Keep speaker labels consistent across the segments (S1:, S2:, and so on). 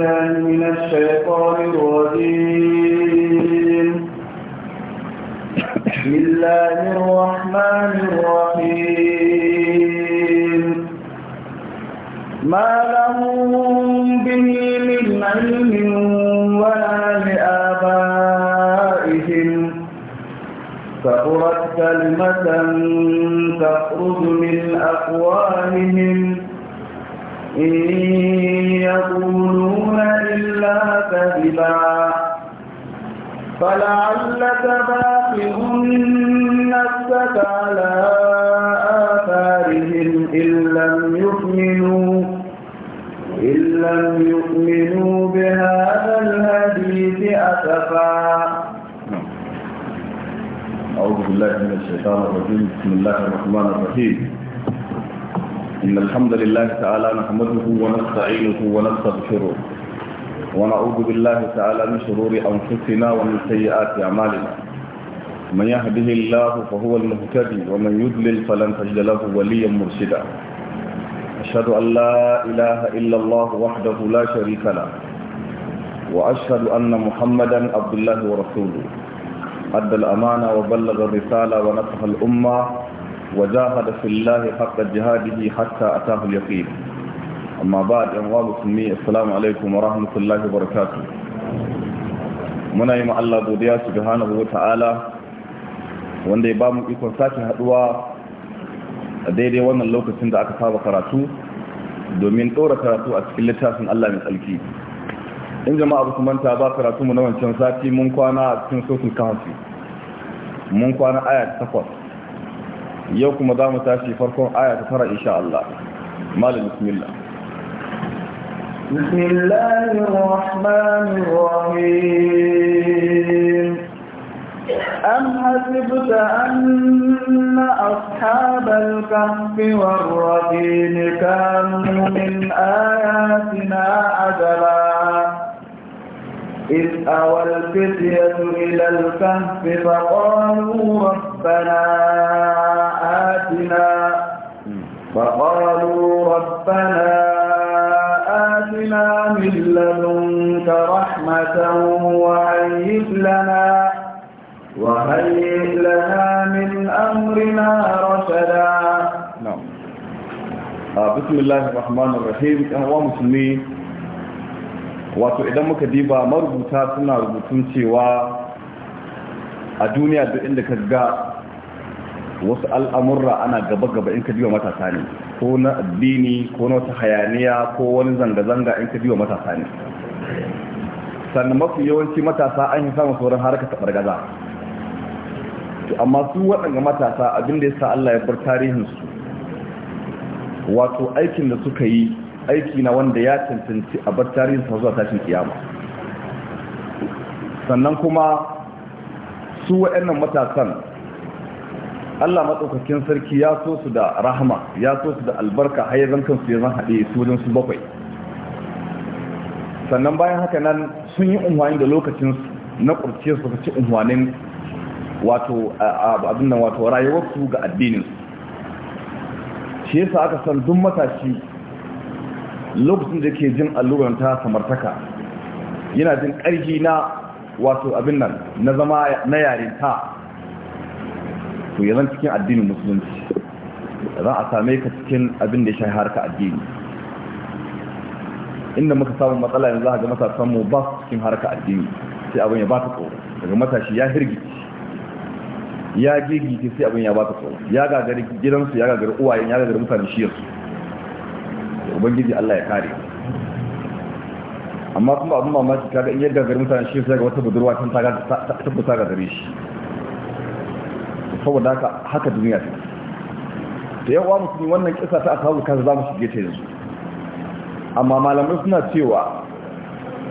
S1: بالله من الشيطان الرجيم بسم الله الرحمن الرحيم ما لهم به من علم ولا لآبائهم فقرت كلمة تخرج من أقوالهم إن كذبا فلعلك باقي نفسك على آثارهم إن لم يؤمنوا إن لم يؤمنوا بهذا الحديث أسفا
S2: أعوذ بالله من الشيطان الرجيم بسم الله الرحمن الرحيم إن الحمد لله تعالى نحمده ونستعينه ونستغفره ونعوذ بالله تعالى من شرور أنفسنا ومن سيئات أعمالنا من يهده الله فهو المهتدي ومن يضلل فلن تجد له وليا مرشدا أشهد أن لا إله إلا الله وحده لا شريك له وأشهد أن محمدا عبد الله ورسوله أدى الأمانة وبلغ الرسالة ونصح الأمة وجاهد في الله حق جهاده حتى أتاه اليقين amma ba a ɗan wa musulmi assalamu alaikum wa rahmatullahi wa barakatu muna yi Allah godiya su ga hana ta'ala wanda ya ba mu ikon sake haɗuwa a daidai wannan lokacin da aka saba karatu domin ɗora karatu a cikin littafin Allah mai tsarki in jama'a ba su manta ba karatu mu na wancan sati mun kwana a cikin sosin kansu, mun kwana aya ta takwas yau kuma za mu tashi farkon aya ta tara insha Allah malam bismillah
S1: بسم الله الرحمن الرحيم أم حسبت أن أصحاب الكهف والرقيم كانوا من آياتنا عجبا إذ أوى الفتية إلى الكهف فقالوا ربنا آتنا فقالوا ربنا آتنا من لدنك رحمة وهيئ لنا وهيئ لنا من أمرنا رشدا
S2: نعم بسم الله الرحمن الرحيم أهوى مسلمين wato idan muka diba marubuta suna rubutun cewa a duniya duk inda ka ga wasu al'amurra ana gaba-gaba in ka biyo matasa ne ko na addini ko na wata hayaniya ko wani zanga-zanga in ka biyo matasa ne sannan mafi yawanci matasa an yi samun sauran harkar taɓar gaza amma su waɗanda matasa abin da ya sa Allah ya bar tarihinsu wato aikin da suka yi aiki na wanda ya cancanci a bar tarihinsu zuwa tashin kiyama sannan kuma su waɗannan matasan Allah matsaukakin sarki ya so su da rahama ya so su da albarka har yanzu su ya zan haɗe su wajen su bakwai sannan bayan haka nan sun yi unwani da lokacin na kurciyar su ci unwanin wato abin nan wato rayuwarsu ga addinin shi yasa aka san duk matashi lokacin da yake jin alluran ta samartaka yana jin ƙarfi na wato abin nan na zama na yarinta to zan cikin addinin musulunci za a same ka cikin abin da ya shahi harka addini inda muka samu matsala yanzu za a ga matasan mu ba su cikin harka addini sai abin ya ba ta tsoro daga matashi ya hirgici ya gigiti sai abin ya ba ta tsoro ya gagari gidansu ya gagari uwayen ya gagari mutane shiyarsu ubangiji Allah ya kare amma kuma abin mamaki kaga in ya gagari mutane shiyarsu ya ga wata budurwa kan ta tabbata gagare shi saboda haka haka duniya ta da yawa musulmi wannan kisa ta ashabu kaza za mu shige ta yanzu amma malamai suna cewa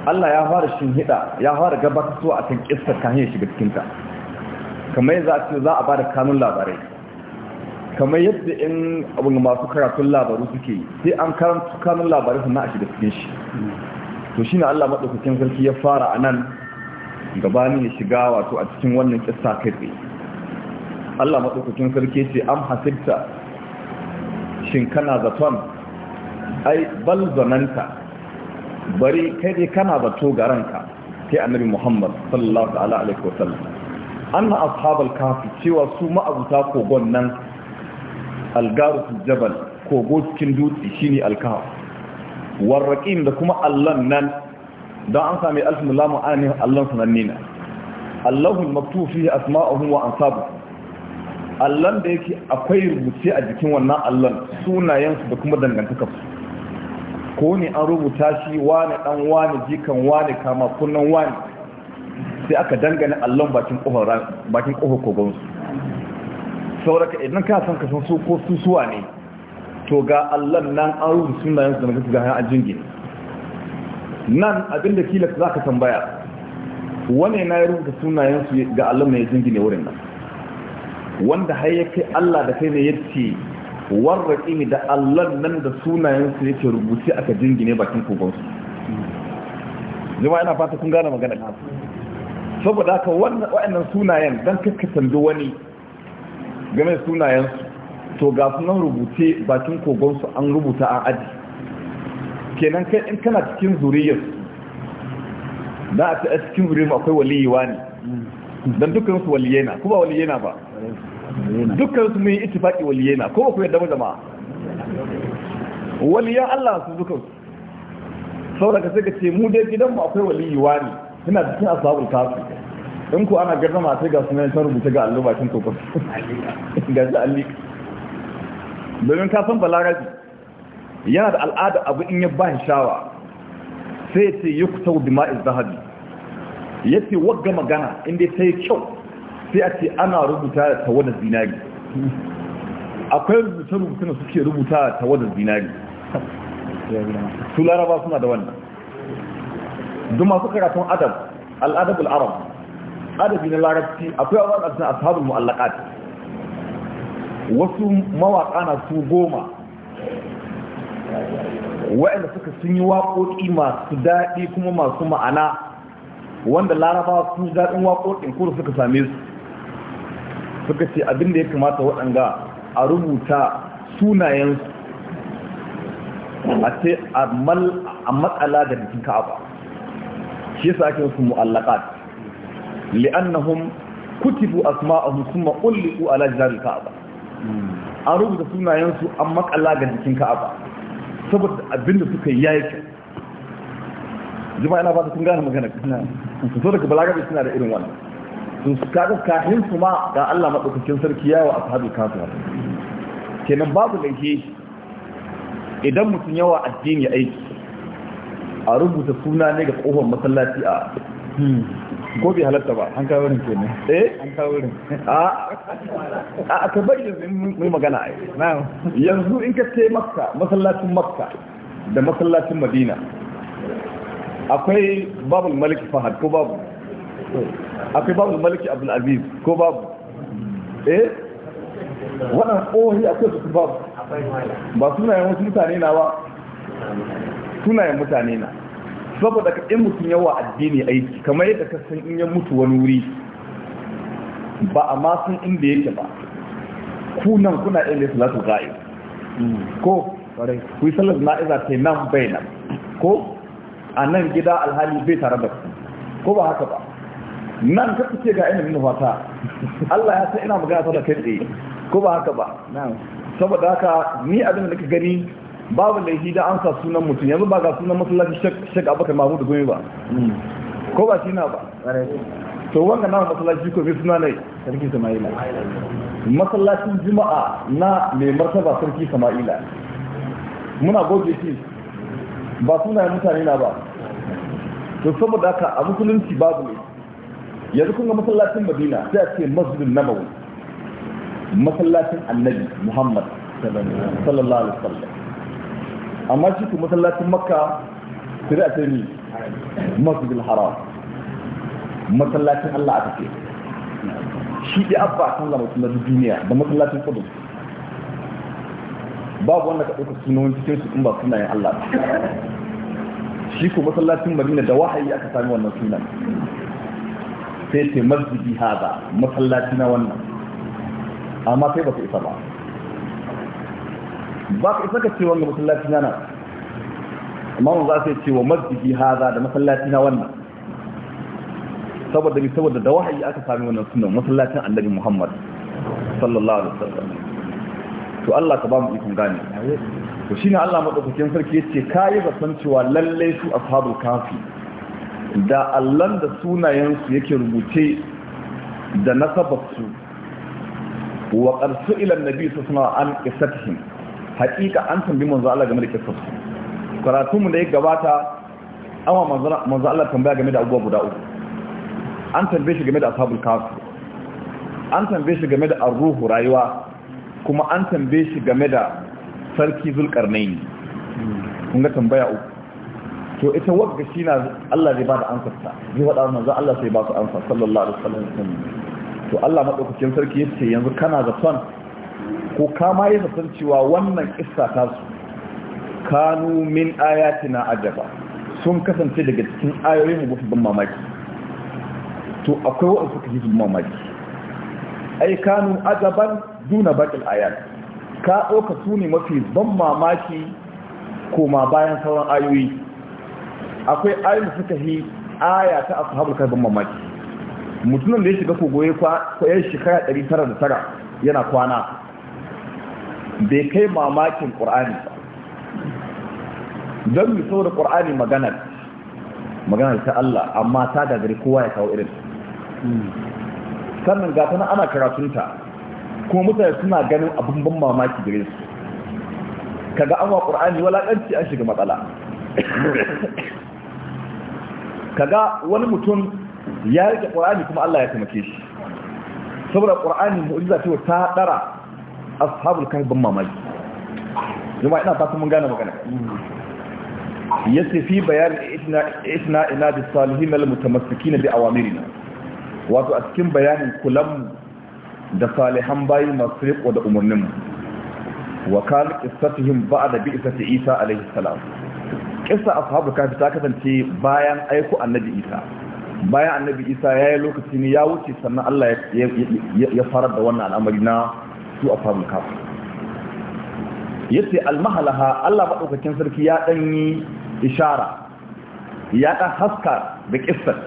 S2: Allah ya fara hida ya fara gabata so a kan kissar ka ya shiga cikin ta kamar yadda a ce za a bada kanun labarai kamar yadda in abin masu karatun labaru suke yi sai an karanta kanun labarai sannan a shiga cikin shi to shine Allah madaukakin sarki ya fara anan gabani ya shiga wato a cikin wannan kisa kai tsaye Allah maɗaukacin sarki ce an hasibta shin kana zaton ai bal zananta bari kai dai kana zato ga ranka sai annabi Muhammad sallallahu alaihi wa sallam anna ashabal kafi cewa su ma'abuta kogon nan algaru jabal kogo cikin dutse shine alkahf warraqim da kuma allan nan dan an sami alfin lamu anin allan sunannina Allahul maktufi asma'uhu wa ansabuhu allon da yake akwai rubuce a jikin wannan allon sunayensu da kuma dangantakarsu ko ne an rubuta shi wani dan wani jikan wani kama kunnan wani sai aka dangane allon bakin kofar su, sauraka idan ka san kasan su ko su suwa ne to ga allon nan an rubuta sunayensu da su ga an jingine nan abinda kila za ka tambaya wane na ya rubuta sunayensu ga allon mai jingine wurin nan wanda har ya kai Allah da kai ne ya ce warraƙi da Allah nan da sunayensu yake rubuce aka jingine bakin kogonsu Zuma ina fata kun gane magana saboda haka wa'annan sunayen don sandu wani game da sunayensu to ga sunan rubuce bakin kogonsu an rubuta an aji kenan kai in kana cikin zuriyar, da a cikin zuriyar akwai waliyewa ne don su waliyena kuma waliyena ba dukkan su mun yi ittifaqi waliyena ko ku yadda ba jama'a waliyan Allah su dukkan su saboda sai ka ce mu dai gidan mu akwai waliyi wani suna cikin ashabul kafi in ku ana gardama sai ga sunan san rubuta ga allo bakin kokon ga shi alli domin ka san balarabi yana da al'ada abu in ya ba shi shawa sai ya ce kusa bi ma'iz zahabi ce wagga magana inda sai kyau sai a ce ana rubuta da tawadar zinari akwai rubuta rubuce da suke rubuta da tawadar zinari su laraba suna da wannan don masu karatun adab al'adab al'arab adabi na larabci akwai awon ɗansu a sabon mu'allakat wasu mawaka na su goma waɗanda suka sun yi waƙoƙi masu daɗi kuma masu ma'ana wanda laraba sun daɗin waƙoƙin kuma suka same su suka ce abin da ya kamata waɗanga, a rubuta sunayensu a ce a matsala da jikin ka'aba shi yasa ake musu mu'allaqat li'annahum kutibu asma'ahum thumma a ala jihar ka'aba an rubuta sunayensu a matsala ga jikin ka'aba saboda abinda suka yi yayi jama'a ba ta sun gane magana kuma da daga balaga suna da irin wannan sun su kaga su ma ga Allah madaukakin sarki yawa ashabul kasuwa. kenan babu laifi idan mutum yawa addini aiki a rubuta suna ne ga kofar masallaci a ko halatta ba an kawo rin kenan eh an kawo rin a a ka bari yanzu mun magana ai yanzu in ka ce makka masallacin makka da masallacin madina akwai babul malik fahad ko babu akwai babu maliki abdulaziz ko babu eh ohi a akwai su babu ba sunayen wasu mutane na ba sunayen mutane na saboda ka in mutum yawa addini aiki kamar yadda ka san in ya mutu wani wuri ba a ma inda yake ba Ku nan kuna iya nesa latu ga'ib ko ku yi salar na'iza ta nan bai nan ko a nan gida alhali bai tare da ku ko ba haka ba nan ka ce ga ina nuna fata Allah ya san ina magana ta da kai tsaye ko ba haka ba saboda haka ni abin da nake gani babu laifi da an sa sunan mutum yanzu ba ga sunan masallaci shek abubakar mahmud gumi ba hmm. ko ba shi na ba to wanga na masallaci ko bi suna ne sarki sama'ila masallacin juma'a na mai martaba sarki sama'ila muna goge shi ba sunayen mutane na ba to saboda haka a musulunci babu ne yanzu kun ga masallacin madina sai a ce masjidin nabawi masallacin annabi muhammad sallallahu alaihi wasallam amma shi ku masallacin makka sai a ce ni masjidil haram masallacin allah aka ce shi dai abba a canza masallacin duniya da masallacin kudu babu wanda ka ɗauka sunan cikin su in ba sunayen allah shi ku masallacin madina da wahayi aka sami wannan sunan sai ce masjidi haza masallaci na wannan amma sai ba su isa ba ba ka isa ka ce wannan masallaci na nan amma za su ce wa masjidi haza da masallaci na wannan saboda saboda da wahayi aka sami wannan sunan masallacin annabi Muhammad sallallahu alaihi wasallam to Allah ka ba mu ikon gane to shine Allah madaukakin sarki yace kai ba cewa lalle su ashabul kafi da allon da sunayensu yake rubuce da nasabarsu wa ƙarsu ilan nabi su suna an ƙisatihim haƙiƙa an tambi manzo Allah game da ƙisarsu karatunmu da ya gabata an wa manzo Allah tambaya game da abubuwa guda uku an tambaye shi game da ashabul kasu, an tambaye shi game da arruhu rayuwa kuma an tambaye shi game da sarki zulkarnaini kun ga tambaya uku to ita wagga shi na Allah zai ba da ansarta zai faɗa manzo Allah sai ba su amsa sallallahu alaihi wasallam to Allah madaukakin sarki yace yanzu kana da son ko kama ya san cewa wannan kissa ta su kanu min ayatina ajaba sun kasance daga cikin ayoyin mu ban mamaki to akwai wa'ansu suka ban mamaki ai kanu ajaban duna baqil ayat ka ɗauka su ne mafi ban mamaki ko ma bayan sauran ayoyi akwai ayoyin da suka yi aya ta ashabul kahf ban mamaki mutumin da ya shiga kogo ya kwa ya shekara 909 yana kwana bai kai mamakin qur'ani ba don mu saboda qur'ani magana magana ta Allah amma ta gagari kowa ya kawo irin sannan ga tana ana karatunta kuma mutane suna ganin abin ban mamaki gare su kaga an wa qur'ani walakanci an shiga matsala kaga wani mutum ya rike qur'ani kuma Allah ya taimake shi saboda qur'ani mu'jiza ce ta dara ashabul kahf ban mamaki jama'a ina fatan mun gane magana yace fi bayan itna itna ina bis salihin al mutamassikina bi awamirina wato a cikin bayanin kulan da salihan bayi masu riko da umarninmu wa kan qissatuhum ba'da bi'sati Isa alaihi salam kisa ashabu kafi ta kasance bayan aiko annabi isa bayan annabi isa ya yi lokaci ne ya wuce sannan allah ya farar da wannan al'amari na su ashabu kafi ya ce almahalaha allah maɗaukakin sarki ya ɗan yi ishara ya ɗan haska da kisar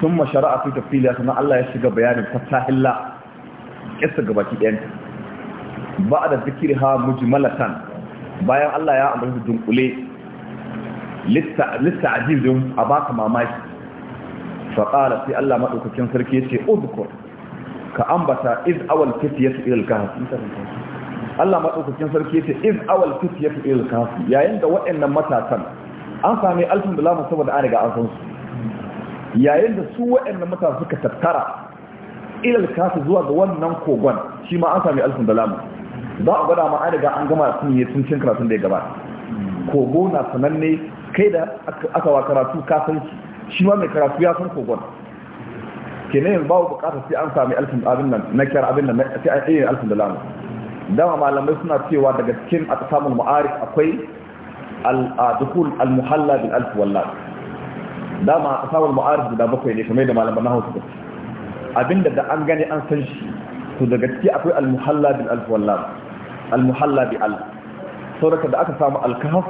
S2: sun mashara a fi tafiliya sannan allah ya shiga bayanin fatahilla ga gabaki ɗayanta ba da zikirha mujmalatan bayan allah ya amurka dunkule lista ajizin a baka mamaki faƙara sai Allah maɗaukacin sarki ya ce uzkur ka ambata iz awal fi ilal kahfi Allah maɗaukacin sarki ya ce iz awal fi ilal kahfi yayin da waɗannan matasan an sami alfin da lamun saboda an riga an san su yayin da su waɗannan matasan suka tattara ilal kahfi zuwa ga wannan kogon shi ma an sami alfin da lamun za a gwada ma an riga an gama sun yi sun cin karatun da ya gabata kogo na sananne kai da aka wa karatu kafinci shi shi ma mai karatu ya san kogon Ke kenan ba wa bukatar sai an sami alfin abin nan na kyar abin nan sai an iya alfin da lamu dama malamai suna cewa daga cikin a samun ma'arif akwai al-dukul al-muhalla bil alf wallah dama a samun ma'arif guda bakwai ne kamar da malamai na hausa abinda da an gani an san shi to daga ciki akwai al-muhalla bil alf wallah al-muhalla bi alf saboda da aka samu al-kahf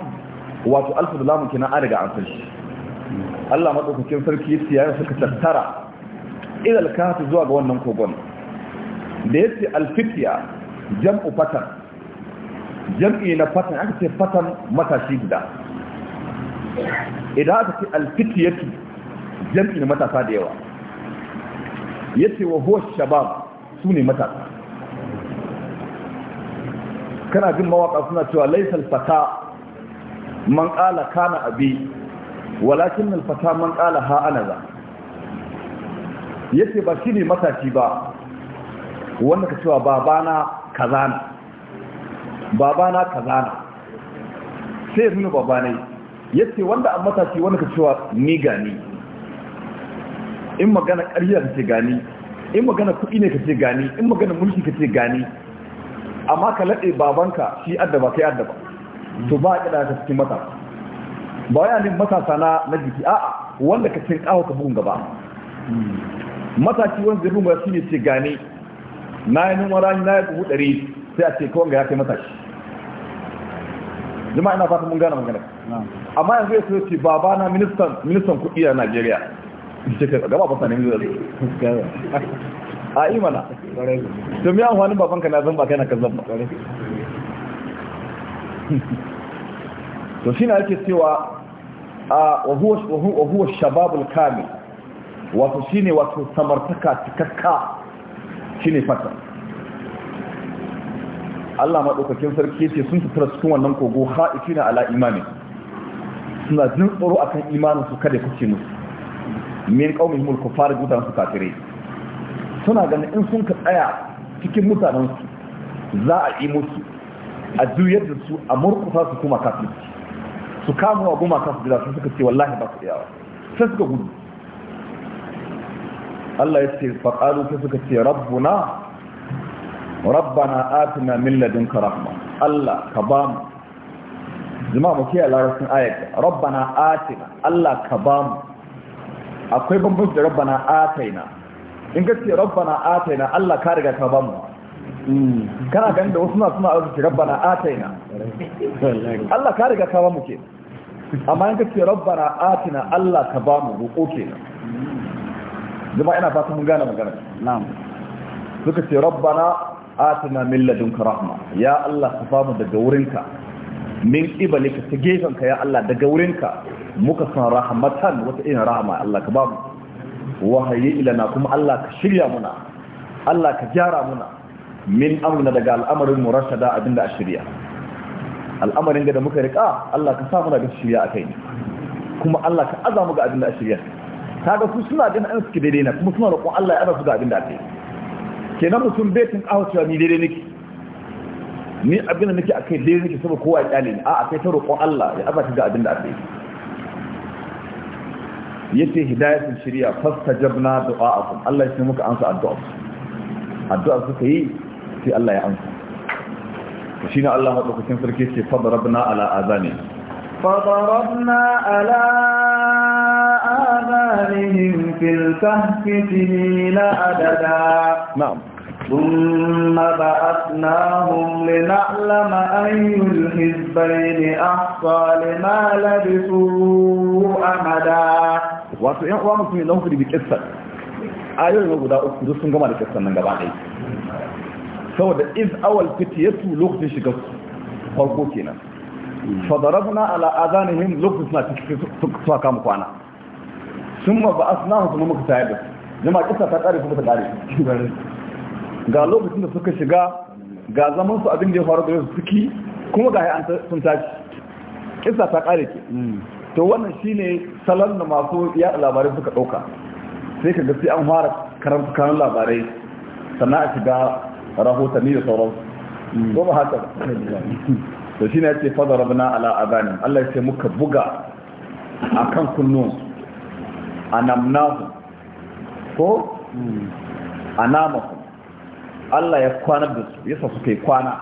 S2: wato alfu da lamun kenan an riga an san shi Allah madaukakin sarki yace yayin suka tattara ilal ta zuwa ga wannan kogon da yace alfitiya jam'u fatan jam'i na fatan aka ce fatan matashi guda idan aka ce alfitiyatu jam'i na matasa da yawa yace wa huwa shabab sune matasa kana jin mawaka suna cewa laysal fata man ƙala kana abi walakin alfata man ƙala ha ana za yace ba ne matashi ba wanda ka cewa babana kazana babana kazana sai ya nuna babanai yace wanda a matashi wanda ka cewa ni gani in magana ƙarya ka ce gani in magana kuɗi ne ka ce gani in magana mulki ka ce gani amma ka laɗe babanka shi addaba kai addaba to ba ka da cikin matasa ba wai anin matasa na na jiki a'a wanda ka cin kawo ka bugun gaba matashi wanda zai rumar shine ce gane na yi numara na yi buhu ɗari sai a ce kawai ga ya kai matashi jama'a ina fata mun gane magana amma yanzu ya ce baba na ministan ministan kuɗi a Najeriya ka gaba ba sanin zai a imana to wani baban babanka na zan ba kai na kan zamba ba to shi na ake cewa wa huwa shababul kamil wato shine wato samartaka cikakka shine fata Allah madaukakin sarki ce sun fitar cikin wannan kogo na ala imani suna jin tsoro akan imanin su kada kuke musu min qaumin mulku fara gudan su kafire suna ganin in sun ka tsaya cikin mutanen su za a yi musu a juyar da su a murkusa su kuma kafin su kama wa goma kafin gida sun suka ce wallahi ba su iyawa sai suka gudu Allah ya ce faƙalu sai suka ce rabbuna rabbana atina min ladunka rahma Allah ka ba mu jama'a mu kiyaye larabcin ayat rabbana atina Allah ka ba mu akwai bambanci da rabbana atina in ka rabbana atina Allah ka riga ka ba mu kana ganin da wasu na suna arziki rabbana atina Allah ka riga kama muke. amma in ka ce rabbana atina Allah ka ba mu roƙo na. zama ina fata mun gane magana na'am suka ce rabbana atina min ladunka rahma ya Allah ka famu daga wurinka min ka gefen ka ya Allah daga wurinka muka san rahmatan wata irin rahma Allah ka ba mu wahayi ilana kuma Allah ka shirya muna Allah ka gyara muna min amna daga al'amarin murashada abinda a shirya al'amarin da muka rika Allah ka samu daga shirya akai kuma Allah ka azamu ga abinda a shirya kaga su suna gina an suke daidai na kuma suna roƙon Allah ya azamu ga abinda akai kenan mutum bai tun kawo cewa ni daidai nake ni abinda nake akai daidai nake saboda kowa ya kyale ni a akai ta roƙon Allah ya azamu ga abinda akai yace hidayatul shari'a fastajabna du'a'akum Allah ya ce muka ansa addu'a addu'a suka yi sai Allah ya amsa shi ne Allah maɗaukacin sarki ce fadarabna ala azani
S1: fadarabna ala azanihim fil kahfi sinina adada na'am ثم بعثناهم لنعلم أي الحزبين أحصى لما لبثوا أمدا wato ‘yan uwa mutum
S2: ne kudi bi kisar ayoyin guda uku duk sun gama da kisar nan gaba ɗaya saboda iz awal fitiyatu lokacin shiga farko kenan fadarabna ala azanihim lokacin suna cikin suka kama kwana sun ma ba asna su muka tayar da jama'a kisa ta kare kuma ta kare ga lokacin da suka shiga ga zaman su abin da ya faru da su suki kuma ga an sun tashi kisa ta kare ke to wannan shine salon da masu ya labarai suka dauka sai ka ga sai an fara karanta kan labarai sannan a shiga rahotanni da sauran hmm. ko ba haka da shi ne ya ce fadar rabina ala azanin Allah ce muka buga a kan kunnun a namnahu ko hmm. a namaku. Allah ya kwana da su yasa suka yi kwana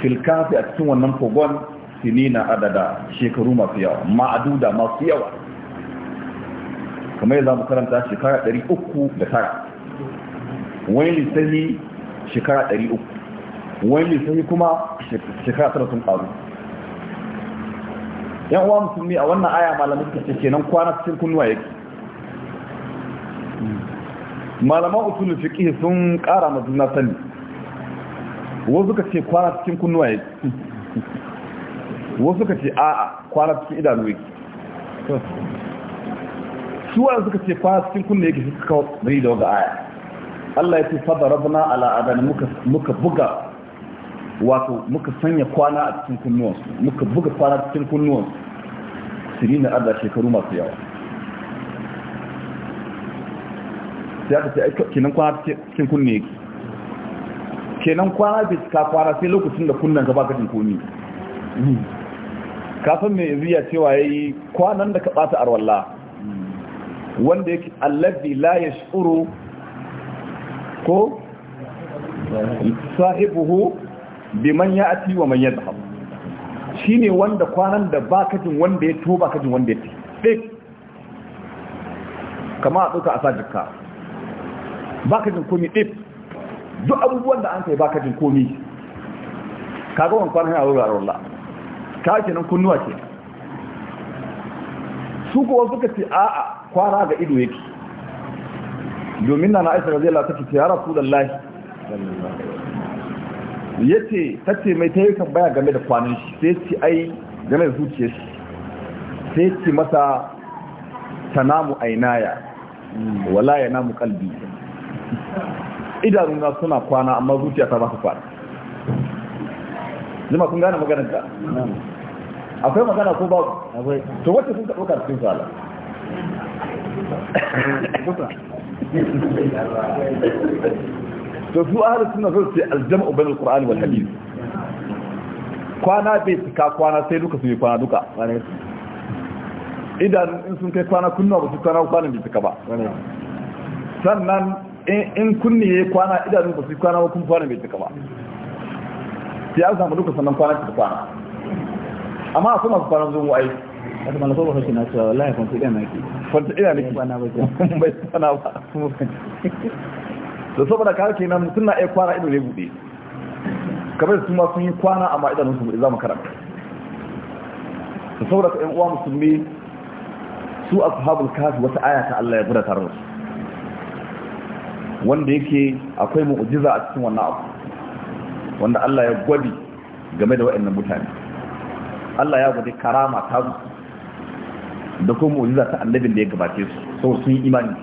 S2: filkafi a cikin wannan kogon sinina adada shekaru masu yawa ma'aduda masu yawa kamar yadda mu karanta shekara 309 wani lissafi shekara 300 wani lissafi kuma shekara tara sun ƙaru yan uwa musulmi a wannan aya malamai suka ce kenan kwana cikin kunuwa yake malaman usulun fiƙi sun ƙara ma juna sani wasu suka ce kwana cikin kunnuwa yake wasu suka ce a'a kwana cikin idanu yake su suka ce kwana cikin kunuwa yake suka kawo da wanda aya Allah ya ce fadarabna ala adana muka buga wato muka sanya kwana a cikin kunnuwan muka buga kwana a cikin kunnuwan na arda shekaru masu yawa sai aka ce kenan kwana cikin kunne kenan kwana bai cika kwana sai lokacin da kunnen ka baka komi kafin mai ya cewa yayi kwanan da ka ɓata arwalla wanda yake allazi la shuru. ko sahibuhu biman ya ya'ti wa man yadhhab shine wanda kwanan da baka jin wanda ya tuba ka jin wanda ya tafi kama a tsoka a sajika baka jin komi dip duk abubuwan da an kai baka jin komi ka ga kwanan hanyar wuri a ka ake nan kunnuwa ke su kuwa suka ce a'a kwana ga ido yake domin na na'aisha ga zai latafi ta yara sudan lahi ya ce ta ce mai ta yi tambaya game da kwanin shi sai ce ai game da zuciya shi sai ce masa ta namu ainaya wala ya namu kalbi idanuna suna kwana amma zuciya ta ba su kwana zama kun gane maganar ta akwai magana ko babu to wacce sun taɓo karfin sala to su ahlus sunna sun ce aljam'u bain alqur'ani wal hadith kwana bai cika kwana sai duka su yi kwana duka idan in sun kai kwana kunna ba su kwana kwana bai cika ba sannan in kunni ya yi kwana idanu ba su yi kwana ba kuma kwana bai cika ba sai an samu duka sannan kwana ta kwana amma a kuma su kwana zuwa aiki wata malaka ba fashi na cewa wallahi kun fi ɗan naki wata ina naki bai sana ba da saboda ka ke nan suna iya kwana ido ne buɗe kamar su ma sun yi kwana amma idanun su buɗe za mu karanta da saboda ƴan uwa musulmi su a ashabul kafi wata aya ta Allah ya buɗe tare da su wanda yake akwai mu'jiza a cikin wannan abu wanda Allah ya gwadi game da waɗannan mutane Allah ya gwadi karama ta da kuma mu'jiza ta annabin da ya gabace su so sun yi imani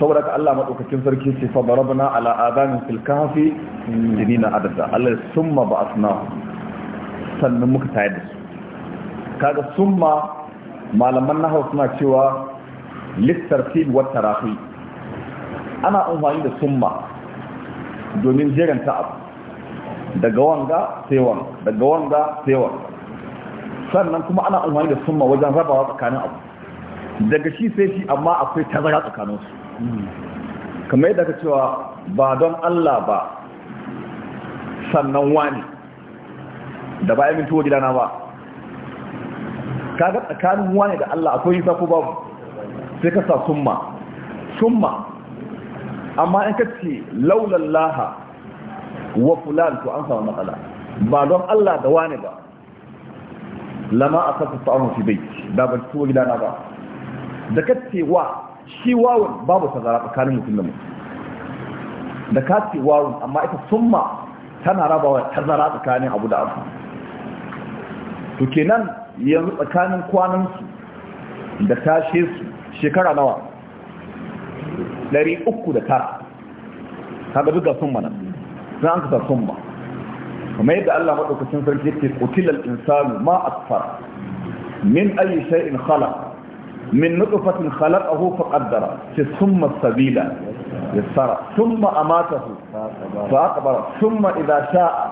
S2: saboda ka Allah madaukakin sarki ce fa barabna ala adamin fil kahfi dinina adada Allah summa ba'athna sannan muka tayar da su kaga summa malaman nahwu suna cewa littartib wa tarahi ana amfani da summa domin jeranta abu daga wanga sai wanga daga wanga sai wanga sannan kuma ana amfani da summa wajen rabawa tsakanin abu daga shi sai shi amma akwai tazara tsakaninsu kamar yadda ka cewa ba don Allah ba sannan wani da ba yamin tuwo gidana ba kaga tsakanin wani da Allah akwai yi ko babu sai ka sa summa summa amma in ka ce laulallaha wa fulan to an samu matsala ba don Allah da wani ba lama a sassa sa'ahun fi bai da ban tuwa gidana ba da ka ce wa shi wawon babu tazara tsakanin mutum da mutum da ka ce wawon amma ita summa tana rabawa tazara tsakanin abu da abu to kenan yanzu tsakanin kwanansu da tashe su shekara nawa Ɗari uku da tara ka duk ga summa nan za an kasa summa kamar yadda Allah madaukakin sarki yake qutilal insanu ma akthar min ayi shay'in khalaq min nutfatin khalaqahu faqaddara thumma sabila yassara thumma amatahu faqbara thumma idha sha'a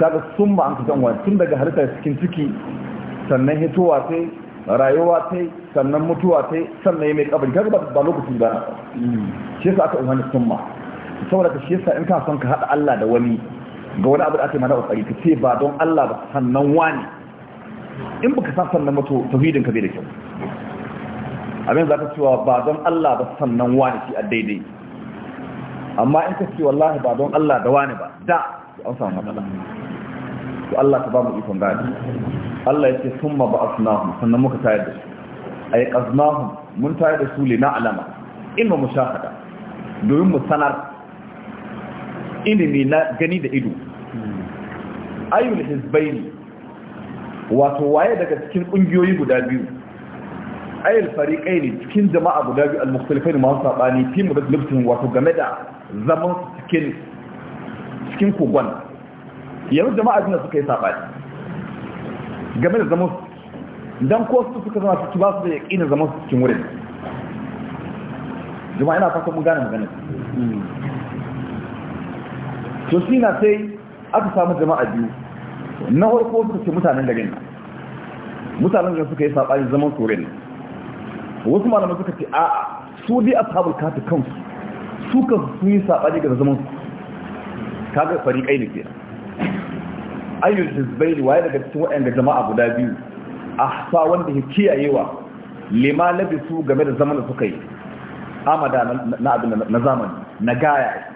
S2: kaga thumma an kasan wani tun daga halitta cikin ciki sannan hitowa sai rayuwa sai sannan mutuwa sai sannan ya mai kabari kaga ba lokacin da shi yasa aka umarni thumma saboda shi yasa in ka son ka hada Allah da wani ga wani abu da ake mana kokari ka ce ba don Allah ba sannan wani in baka san sannan ta hudun ka bai da kyau abin za ka cewa ba don Allah ba sannan wani shi a daidai amma in ka ce wallahi ba don Allah da wani ba da an samu matsala to Allah ka ba mu ikon gadi Allah ya ce sun ma ba'asnahum sannan muka tayar da su A yi qaznahum mun tayar da su li na'lama mu mushahada domin mu sanar ilimi na gani da ido ayyul hizbaini wato waye daga cikin kungiyoyi guda biyu ayyul fariqaini cikin jama'a guda biyu al mukhtalifaini ma sabani fi mudallibtin wato game da zaman cikin cikin kogon yanzu jama'a jina suka yi sabani game da zaman dan ko su suka zama cikin ba su da yaqina zaman cikin wurin jama'a ina fata mun gane magana to shi na sai aka samu jama'a biyu na harko suka ce mutanen garin nan mutanen garin suka yi saɓani zaman tsoron nan wasu malamai suka ce a'a su bi sabon kafi kansu su ka su yi saɓani ga zaman su kaga fariƙai ne ke. ayyul hizbain waye daga cikin waɗanda jama'a guda biyu a ahsa wanda ya kiyayewa lima su game da zaman da suka yi amada na abin na zamani na gaya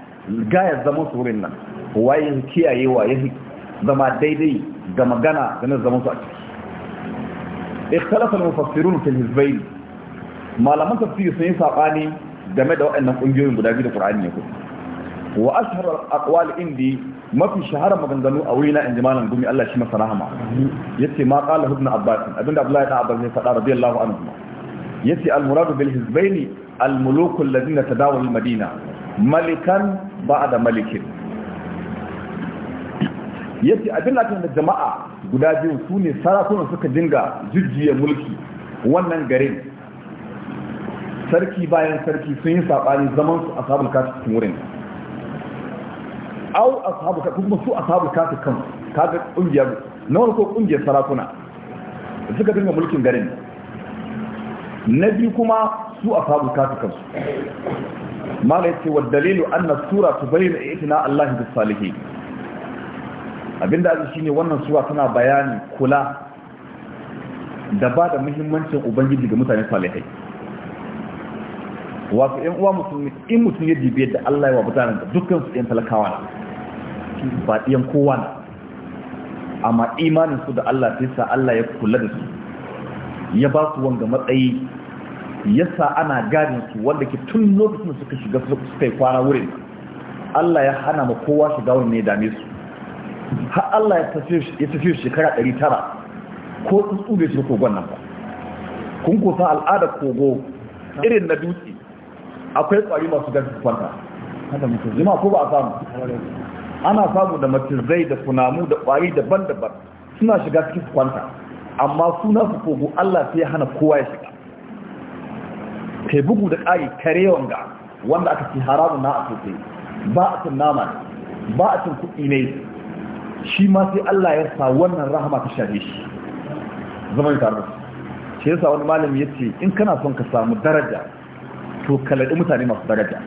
S2: gaya zaman su wurin nan waye kiyayewa ya zama daidai ga magana da na zaman su a ciki ikhtalafa mufassirun fil hizbayn malaman tafsiri sun yi sabani game da waɗannan ƙungiyoyin guda biyu da Qur'ani ne kuma wa ashhar al-aqwal indi mafi shahara maganganu a wurina in jimalan gumi Allah shi masa rahama yace ma qala ibn abbas abinda abdullahi da abbas ya faɗa radiyallahu anhu yace al-muradu bil hizbayn al-muluk alladhina tadawalu al-madina malikan ba'da malikin yace abin latin da jama'a guda biyu su ne sarakuna suka dinga jujjuya mulki wannan garin sarki bayan sarki sun yi saɓani zaman su ashabul kafi cikin wurin au ashabul kafi kuma su a ashabul kafi kan kaga kungiya na wani ko ƙungiyar sarakuna suka dinga mulkin garin na biyu kuma su a ashabul kafi kansu mala ce wa dalilu anna sura su tubayyana itina allahi bis salihin Abin abinda azu shine wannan suwa tana bayani kula da ba da muhimmancin ubangiji ga mutane salihai wato yan uwa musulmi in mutum ya dibe da Allah ya wa mutanen da dukkan su yan talakawa ne ba ɗiyan kowa ne amma imanin su da Allah sai sa Allah ya kula da su ya ba su wanga matsayi ya sa ana gadin su wanda ke tun lokacin da suka shiga suka yi kwana wurin Allah ya hana ma kowa shiga wurin ne dame su har Allah ya tafi shekara ɗari tara ko tsutsu bai shi kogon nan ba kun kusa al'adar kogo irin na dutse akwai kwari masu gafi kwanta jima ko ba a samu ana samu da matizai da kunamu da kwari daban-daban suna shiga cikin kwanta amma suna su kogo Allah sai ya hana kowa ya shiga kai bugu da ƙari kare wanga wanda aka fi haramun na a sosai ba a cin nama ba a cin kuɗi ne shi ma sai Allah ya sa wannan rahama ta shafe shi zaman taru shi yasa wani malami ce in kana son ka samu daraja to kalladi mutane masu daraja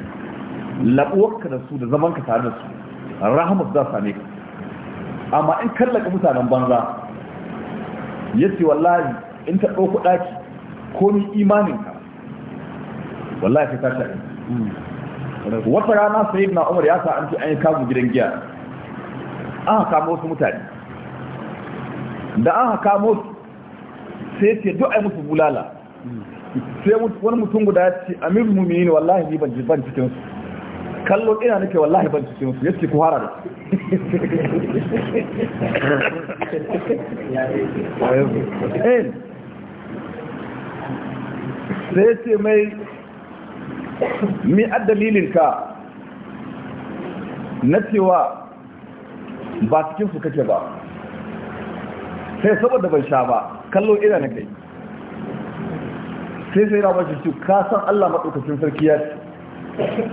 S2: labuwarka da su da zaman ka tare da su rahama za su same ka amma in kallaka mutanen banza ya ce wallahi in ta ɗauku ɗaki, ko ni imanin ka wallahi ka ta shafe hmm. wata rana na Umar ya sa an ce an yi kagu gidan giya aka kamo su mutane da aka kamo su sai ce duk ai musu bulala sai wani mutum guda ya ce amir mumini wallahi ni ban ban cikin su kallon ina nake wallahi ban cikin su yace ku hara da eh. sai ce mai mi a dalilinka na cewa ba cikin su kake ba sai saboda ban sha ba kallo ina na kai sai sai na bashi su ka san Allah madaukakin sarki ya ce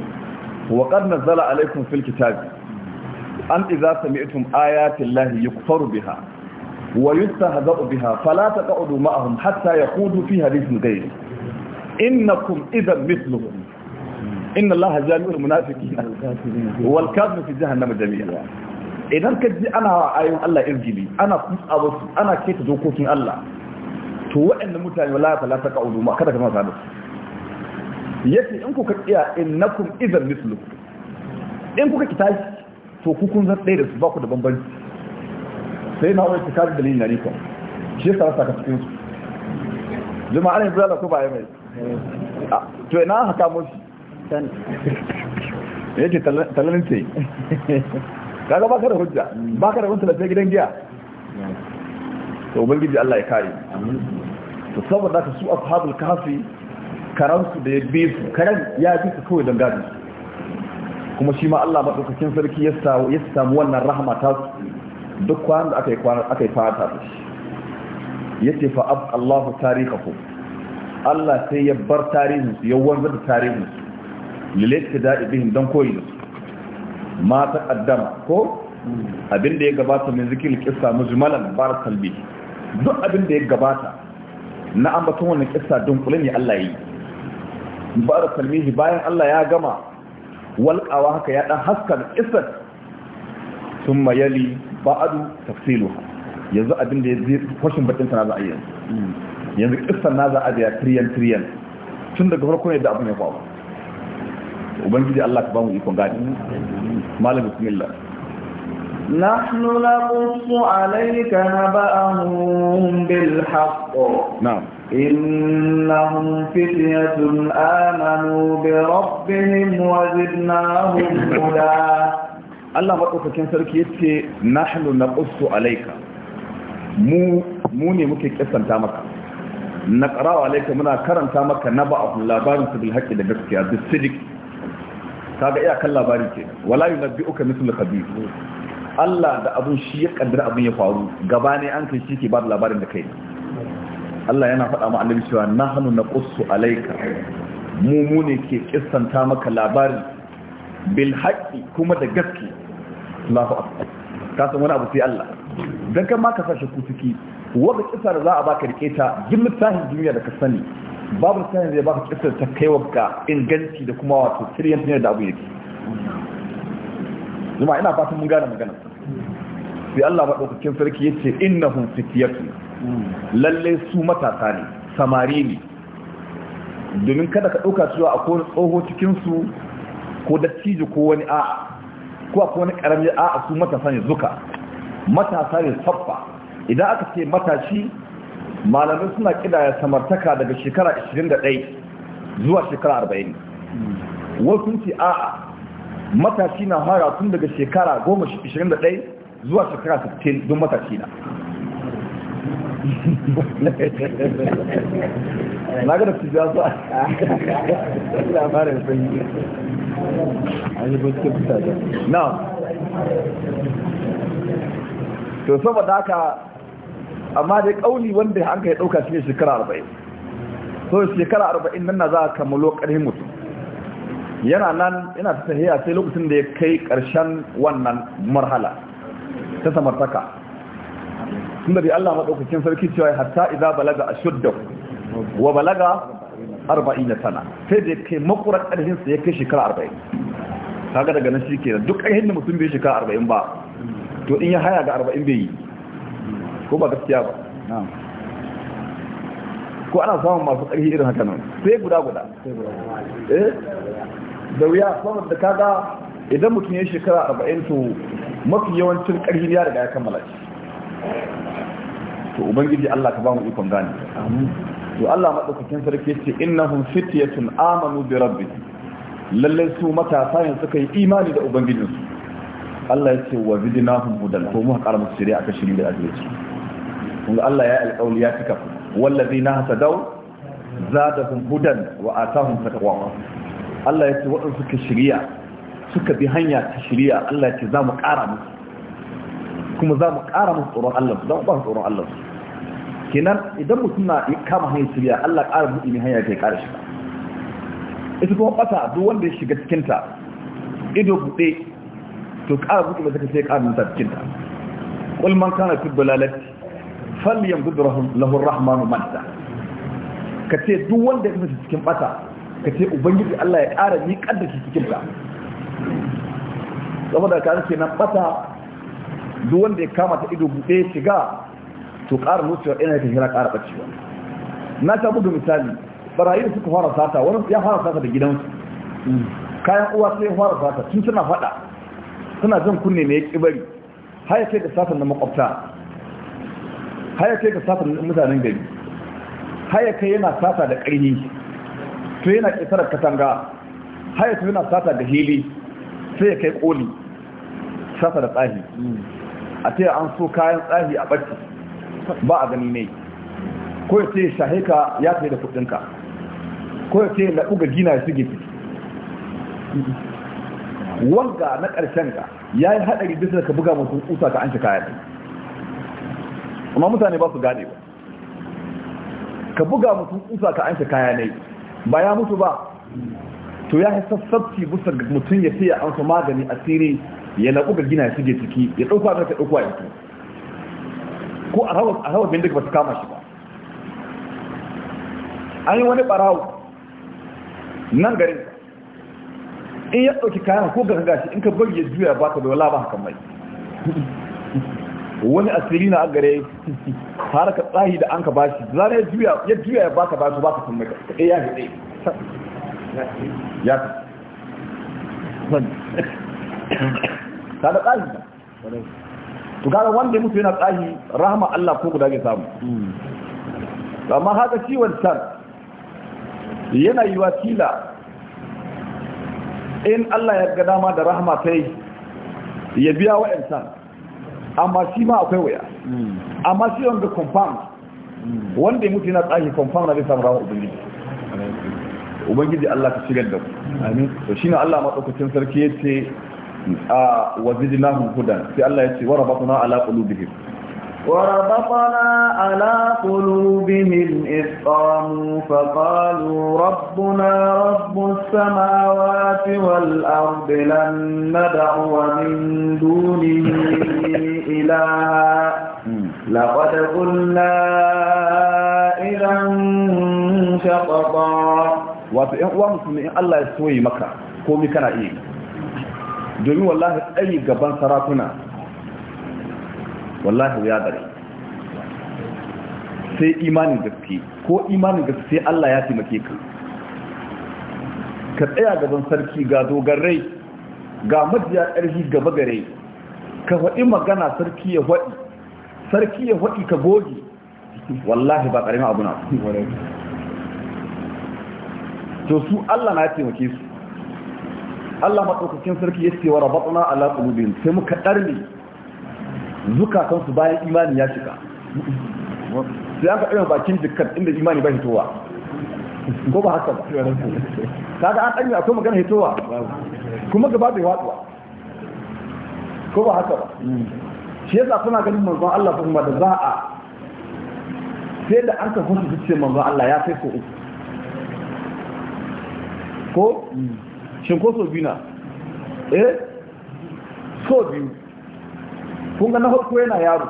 S2: wa qad nazzala alaikum fil kitabi an idza sami'tum ayati llahi yukfaru biha wa yustahza'u biha fala taq'udu ma'ahum hatta yaqudu fi hadithin ghayri innakum idhan mithluhum inna allaha jami'ul munafiqina wal kafirin fi jahannama jami'a idan ka ji ana wa ayoyin Allah irgili ana kusa wasu ana keta dokokin Allah to waɗanda mutane wala fa la ka uduma kada ka masa ya yace in kuka tsaya kun izar mislu in kuka kitashi to kukun kun zan ɗaya da su ba ku da bambanci sai na wani da dalilin na rikon shi yasa rasa ka cikin su ana yi zuwa da ba ya mai to ina haka mushi yake talalin ce kaga baka da hujja baka da hujja sai gidan giya to ubangiji Allah ya kare to saboda ka su ashabul kafi karansu da ya su karan ya bi su kawai don gadi kuma shi ma Allah madaukakin sarki ya samu wannan rahama ta su duk kwanan da aka yi kwanan aka yi fata su shi yace fa ab Allahu tarikhu Allah sai ya bar tarihin su ya wanzar da tarihin su lilaita da ibihim dan koyi su Mata ta ko abin da ya gabata min zikir kissa mujmalan bar talbi duk abin da ya gabata na ambaton wannan kissa don kula ne Allah yi bar talmihi bayan Allah ya gama walqawa haka ya dan haskar kissar thumma yali ba'du tafsiluha yanzu abin da ya zai kwashin bakin sana za'a yanzu yanzu kissar na za'a a biya tiriyan tiriyan tun daga farko ne da abin ya faru ubangiji Allah ka ba mu ikon gadi malam bismillah
S1: نحن نقص عليك نبأهم بالحق نعم إنهم فتية آمنوا بربهم وزدناهم هدى الله مدوكا كان سركي يتي نحن نقص
S2: عليك mu mu ne muke kissanta maka na ƙarawa alaika muna karanta maka na ba'ahun labarinsu bil da gaskiya bil kaga iya kan labari ke wala uka mithlu khabir Allah da abun shi ya kaddara abun ya faru gaba ne an kai shi ke ba da labarin da kai Allah yana faɗa ma annabi cewa nahnu naqussu alayka mu mu ne ke kissanta maka labari bil haqqi kuma da gaske Allahu akbar ka san wani abu sai Allah dan kan ma ka sashi kutuki wanda kisa da za a baka rike ta jimmi littafin duniya da ka sani babu sanin zai baka kisar ta kai ga inganci da kuma wato siriyan tuniyar da abu yake zuma ina fatan mun gane magana sai Allah maɗaukakin sarki ya ce innahum fitiyatu lalle su matasa ne samari ne domin kada ka ɗauka cewa a kowane tsoho cikinsu ko dattijo ko wani a'a ko a wani ƙaramin a'a su matasa ne zuka matasa ne sabba idan aka ce matashi malamin suna kidaya samartaka daga shekara 21 zuwa shekara 40 wasu ce a matashi na fara tun daga shekara 21 zuwa shekara 60 don matashi na na ga da su ja su a labarin sanyi yi bukki fita na to saboda haka amma dai kauli wanda an kai dauka shi shekara 40 so shekara 40 nan na za ka mulo karhi mutum yana nan ina ta tahiya sai lokacin da ya kai karshen wannan marhala ta samartaka da bi Allah madaukakin sarki cewa hatta idza balaga ashuddahu wa balaga 40 sana sai da kai makurar karhin sa ya kai shekara 40 kaga daga nan ke duk karhin da mutum bai shekara 40 ba to in ya haya ga 40 bai yi ko ba gaskiya ba ko ana samun masu ƙarfi irin haka nan sai guda guda eh da wuya samun da kaga idan mutum ya shekara arba'in to mafi yawancin ƙarfin ya riga ya kammala shi to ubangiji Allah ka ba mu ikon gani to Allah madaukakin sarki ce innahum fityatun amanu bi rabbihim lalle su matasa ne suka yi imani da ubangijinsu Allah ya ce wa zidnahum hudan to mu haƙar musu shari'a ka shiri da ajiyarsu kun Allah ya alƙawli ya cika wallazi na hasadau zadahum hudan wa atahum taqwa Allah ya ce waɗanda suka shirya suka bi hanya ta shirya Allah ya ce za mu ƙara musu kuma za mu ƙara musu tsoron Allah za mu ba tsoron Allah kenan idan mutum na kama hanyar shirya Allah ƙara buɗe mai hanya ta ya ƙara shiga ita kuma ɓata duk wanda ya shiga cikinta ido buɗe to ƙara buɗe ba zaka sai ƙara nuna cikinta ƙulman kana fi dalalati falyamdud lahu rahmanu madda kace duk wanda ya kasance cikin bata kace ubangiji Allah ya ƙara ni kadda ke cikin ta saboda ka ce nan bata duk wanda ya kama ta ido buɗe shiga to ƙara nutsuwa ina ta hira ƙara bacewa na ta buga misali barayi da suka fara sata wani ya fara sata da gidansu kayan uwa sai fara sata tun suna faɗa suna jin kunne ne ya ƙibari har ya kai da satan na makwabta haya kai ka sata da mutanen gari haya kai yana sata da ƙarni to yana ƙetare katanga haya kai yana sata da hili sai ya kai ƙoli sata da tsahi a ce an so kayan tsahi a ɓarki ba a gani ne ko ya ce shaheka ya kai da kudinka ko ya ce na ɓuga gina ya shige fi wanga na ƙarshen ga ya yi haɗari bisa ka buga mutum kusa ka an shi kayan amma mutane ba su gane ba ka buga mutum kusa ka anshi kaya ne ba ya mutu ba to ya sabti busa ga mutum ya fiye an su magani tsiri ya na ga gina ya shige ciki ya ɗauka ta ɗauka ya ko a rawar bindiga ba su kama shi ba an yi wani ɓarawo nan garin in ya ɗauki kayan ko ga gashi in ka bari ya juya ba ka da wala ba haka mai wani asiri na agare har ka tsahi da an ka bashi zara ya juya ya juya ya baka ba baka sun maka ka eh, ya fi eh. ya fi ta da tsahi to kaga wanda mutu yana tsahi rahama Allah ko guda ke samu amma haka ciwon can yana yi wa kila in Allah ya ga dama da rahama yi ya biya wa'ancan amma shi ma akwai waya hmm. amma shi wanda confirm hmm. wanda mutu yana tsaki confirm na bisa samu ubangiji ubangiji Allah ka shigar da ku amin to shine Allah madaukakin sarki yace a wazidnahum hudan sai Allah yace wa rabatna ala qulubihim
S1: وربطنا على قلوبهم إذ قاموا فقالوا ربنا رب السماوات والأرض لن ندعو من دونه إلها لقد قلنا إذا
S2: انشططا ومسلم إن الله يسوي مكة قومي كان إيه جميع الله أي قبل سراتنا wallahi wuya gare sai imanin gaske ko imanin gaske sai Allah ya taimake ka ka tsaya gaban sarki ga dogarai ga majiya ƙarfi gaba gare ka faɗi magana sarki ya faɗi sarki ya faɗi ka goge wallahi ba ƙaramin abu na to su Allah na taimake su Allah maɗaukakin sarki ya ce wa rabatuna ala ƙulubin sai muka ɗarne zukatansu bayan imani ya shiga sai aka ɗaya bakin dukkan inda imani ba hitowa ko ba haka ba ga an a kuma magana hitowa kuma gaba bai watsuwa ko ba haka ba shi yasa suna ganin manzon Allah ko kuma da za a sai da an kafin su zuce manzon Allah ya kai so uku ko shin ko so biyu na eh so biyu kun ga na farko yana yaro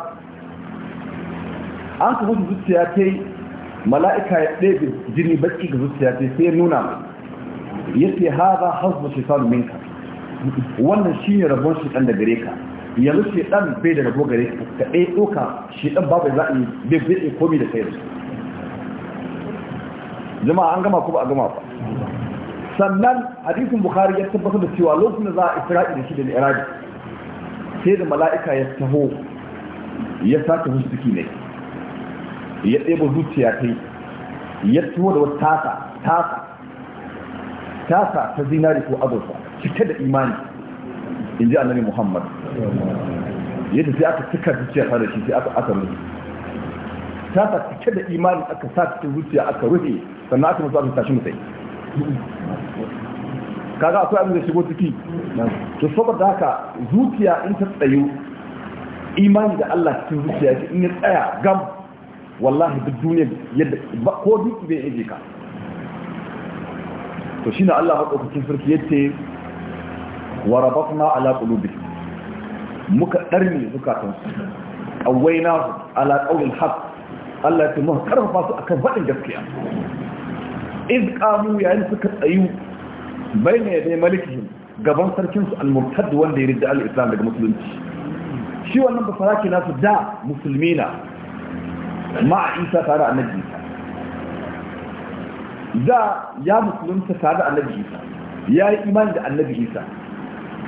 S2: an kuma zuciya ta yi mala'ika ya ɗebe jini baki ga zuciya ta sai nuna ya ce ha za shi shaitan minka wannan shi ne rabon ɗan da gare ka yanzu ɗan bai da rabo gare ka ka ɗaya ɗoka ɗan babu za a yi bai bai komi da sayar jama'a an gama ko ba a gama ba sannan hadisin bukhari ya tabbatar da cewa lokacin da za a isra'i da shi da iraji sai da mala'ika ya taho ya sake husuki ne ya ɗebo zuciya ta yi, ya taho da wata tasa tasa tasa ta zinari ko azurfa cike da imani in ji annabi muhammad yadda sai aka cika zuciya ta da shi sai aka aka rufe tasa cike da imani aka sa cikin zuciya aka rufe sannan aka musu aka tashi mutai kaga akwai abin da shigo ciki to saboda haka zuciya in ta tsayu, imani da Allah cikin zuciya shi in ya tsaya gam wallahi duk duniya yadda ko duk bai yaje ka to shine Allah cikin sarki yace wa rabatna ala qulubi muka darni zukatan su awaina ala qawlil haqq Allah ya muka karfafa su akan faɗin gaskiya iz qamu yayin suka tsayu bai ne dai malikihim gaban sarkinsu al-murtad wanda ya ridda al-islam daga musulunci shi wannan ba na nasu da musulmi na ma'a isa tare da annabi isa da ya musulunta tare da annabi isa ya yi imani da annabi isa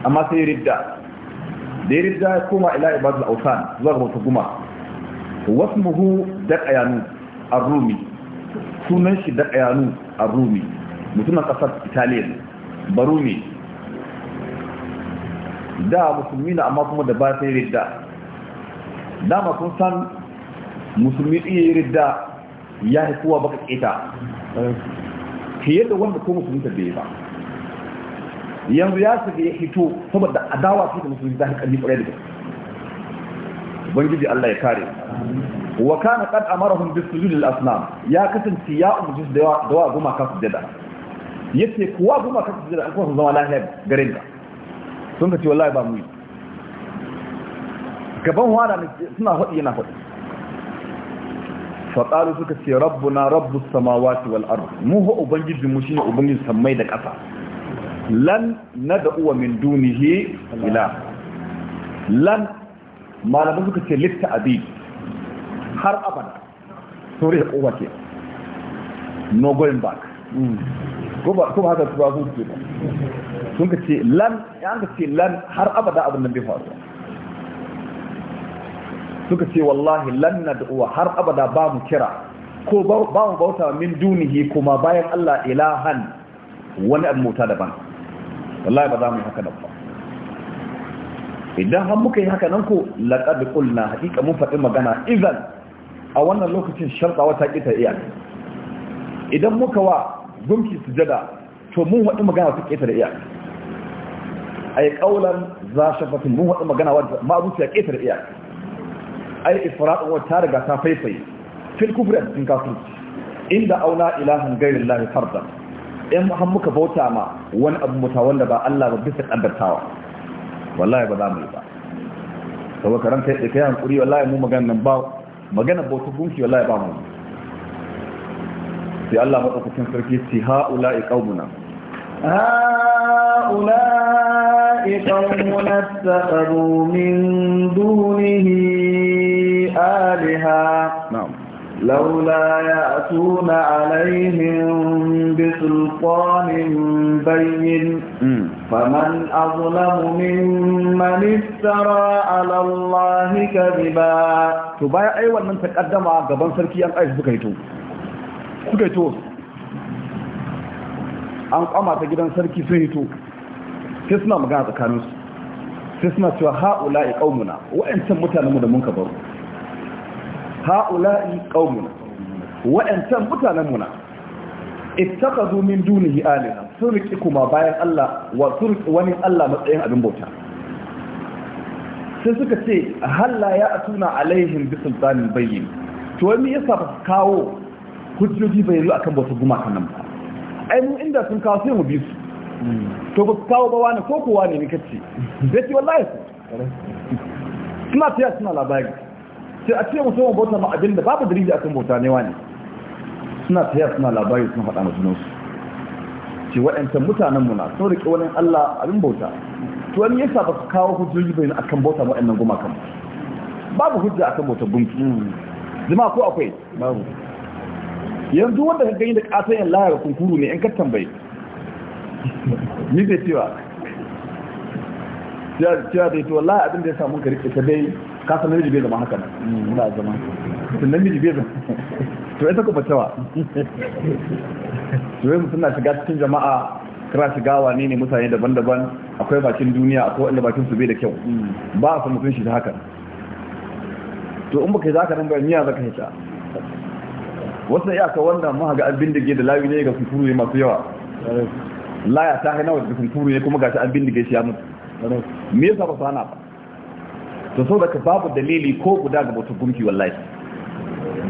S2: amma sai ridda da ya ridda ya koma ila ibadul ausan zuwa ga wata guma wasmuhu da ayanu ar-rumi sunan shi da ayanu ar-rumi mutumin kasar italiya barumi da musulmi na amma kuma da ba ta yi ridda dama kun san musulmi iya yi ridda ya yi haifuwa baka keta ke yadda wanda ko ta bai ba yanzu ya shiga ya hito saboda adawa su da za ta kalli kwarai da ubangiji Allah ya kare wa kana qad amarahum bis sujud al asnam ya kasance ya umjis da wa guma ka sujada yace kuwa kuma ka tsira kuma su zama lafiya garin ka sun ka ce wallahi ba mu yi gaban wada suna faɗi yana faɗi faƙaru suka ce rabbuna rabbus samawati wal ard mu ho ubangijin mu shine ubangijin samai da ƙasa lan nad'u min dunihi ila lan malamin suka ce litta abi har abada sore da kowa ke no going back hmm. Ko ba haka su ba sun ce sun ka ce lan ya an ka ce lan har abada abin nan bai faruwa suka ce wallahi lan na da'uwa har abada ba mu kira ko ba mu bauta min dunihi kuma bayan Allah ilahan wani abu mota daban wallahi ba za mu yi haka ba idan har muka yi haka nan ko laqad qulna haqiqa mun faɗi magana idan a wannan lokacin sharta wata kita iya idan muka wa gunki jada to mun waɗi magana su ƙetare a ai ƙaunar za shafafin mun waɗi magana wadda ma'arufi ya ƙetare a yi ifra'u wa ta riga ta faifai fil kufri a cikin kafirci inda auna ilahin gairin lahi farda, in han muka bauta ma wani abu mutawa wanda ba Allah ba bisa kaddartawa wallahi ba za mu yi ba saboda karanta yadda kai hankuri wallahi mu magana nan ba magana bauta gunki wallahi ba mu sai Allah maɗaukacin sarki ce ha’ula iƙaunmuna
S1: ha’ula iƙaunmuna ta ɗaro min dunihi aliha laula ya tuna alaihin bisulfonin bayin
S3: hmm. faman
S1: azulamu min to baya aiwannan ta ƙaddama gaban sarki an aiki suka yi kuka yi tuwo
S2: an kwama ta gidan sarki sun hito sai suna magana tsakaninsu sai suna cewa ha'ula'i qaumuna wa'ancan mutanenmu da mun ka baro ha'ula'i qaumuna wa'ancan mutanenmu na zo min dunihi alaha sun riƙi kuma bayan Allah wa sun wani Allah matsayin abin bauta sai suka ce halla ya atuna alaihim bi sultanin bayyin to wani yasa ba kawo hujjoji bai zo akan wasu kan nan ba ai mu inda sun kawo sai mu bi su to ba kawo ba wani ko kowa ne nika ce da ce wallahi kuma suna a suna labari sai a ce musu bauta ma abin da babu dalili akan bauta ne wani suna taya suna labari sun faɗa ma su ce waɗancan mutanen muna sun riƙe wani allah abin bauta to wani yasa ba su kawo hujjoji bai akan bauta ma waɗannan gumakan babu hujja akan bautar gunki zama hmm. ko akwai babu yanzu wanda ka gani da kasayen lahar kunkuru ne in kattan tambayi ni zai cewa cewa da ita wallahi abin da ya samu ka rike ta dai kasa na namiji bai zama haka na zama tun namiji bai zama to ya ku bacewa to yanzu suna shiga cikin jama'a kira shiga wane ne mutane daban-daban akwai bakin duniya akwai wanda bakin su bai da kyau ba a samu mutum shi ta haka to in baka yi ka nan bayan miya zaka hita wasu iyaka wannan muka ga abin da ke da lawi ne ga kunkuru ne masu yawa laya ta haina wata kunkuru ne kuma gashi abin da ke shi ya mutu me yasa ba sana ba to so daga babu dalili ko guda ga wata gunki wallahi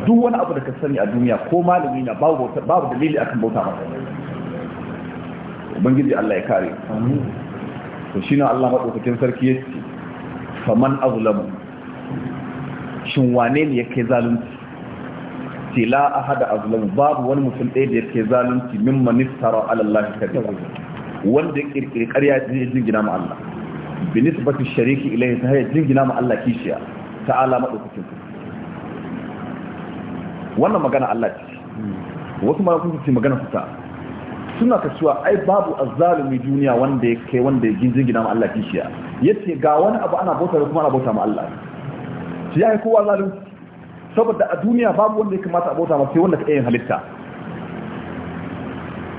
S2: duk wani abu da ka sani a duniya ko malami na babu babu dalili akan bauta masa ubangiji Allah ya kare to shine Allah madaukakin sarki yace faman azlamu shin wane ne yake zalunci ce la ahada azlam babu wani mutum ɗaya da yake zalunci min niftara ala Allah kadhiba wanda kirkiri ƙarya ne jingina ma Allah bi nisbati shariki ilayhi ta hayya jingina ma Allah kishiya ta'ala madaukakin wannan magana Allah
S3: ce
S2: wasu ma kun ce magana fita suna ka cewa ai babu azzalumi duniya wanda ya kai wanda ya jingina ma Allah kishiya yace ga wani abu ana bauta kuma ana bauta ma Allah shi ya kowa zalunci saboda a duniya babu wanda ya kamata a bauta ba sai wanda ka yin halitta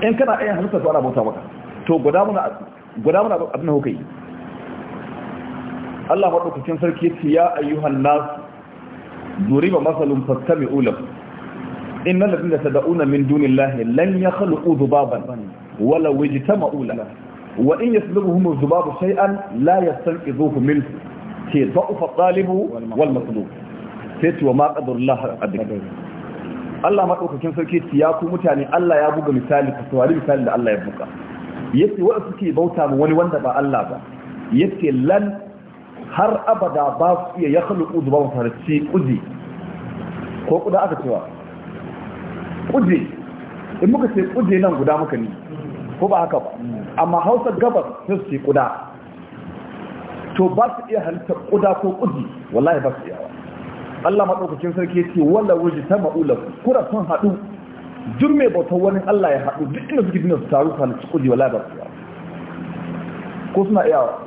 S2: in kana yin halitta to ana bauta maka to guda muna guda muna abin da kuka yi Allah madaukakin sarki yace ya ayyuhan nas duriba masalun fastami'u lahu innal ladina tad'una min dunillahi lan yakhluqu dhubaban wala wajtama'u lahu wa in yaslubuhum dhubabu shay'an la yastanqidhuhu minhu ke da'ufa talibu wal matlub sai tuwa ma qadarullah qadik Allah madaukakin sarki ya ku mutane Allah ya buga misali ka tsawari misali da Allah ya buga yace wa suke bauta mu wani wanda ba Allah ba yace lan har abada ba su iya yakhluqu zuban farci kuzi ko kuda aka cewa kuje in muka ce kuje nan guda muka ni, ko ba haka ba amma hausa gabas sai su ce kuda to ba su iya halitta kuda ko kuji wallahi ba su iya ba? Allah maɗaukakin sarki ya ce wanda wuji ta ma'ula kura sun haɗu duk mai bautar wani Allah ya haɗu duk inda suke dina su taru su kudi wala ba ko suna iyawa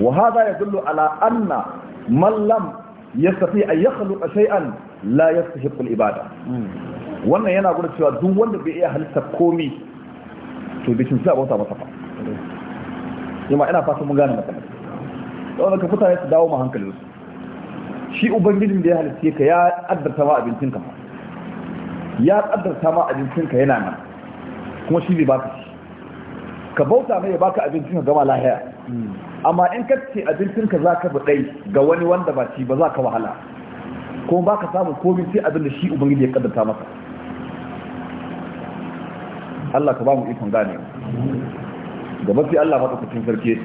S2: wa hada ya dullu ala anna man lam yastati an yakhluqa shay'an la yastahiqu al ibada wannan yana gwada cewa duk wanda bai iya halitta komi to bai tuntuɓa bauta masa fa yamma ina fatan mun gane maka saboda ka mutane su dawo ma hankalinsu shi ubangijin da ya halitta ka ya addarta ma abincinka ya addarta ma abincinka yana nan kuma shi ne baka shi ka bauta mai ya baka abincinka gama lahiya amma in ka ce abincinka za ka buɗai ga wani wanda ba shi ba za ka wahala kuma ba ka samun komi sai abin da shi ubangiji ya kaddarta maka Allah ka ba mu ikon gane gaba sai Allah maɗaukacin sarki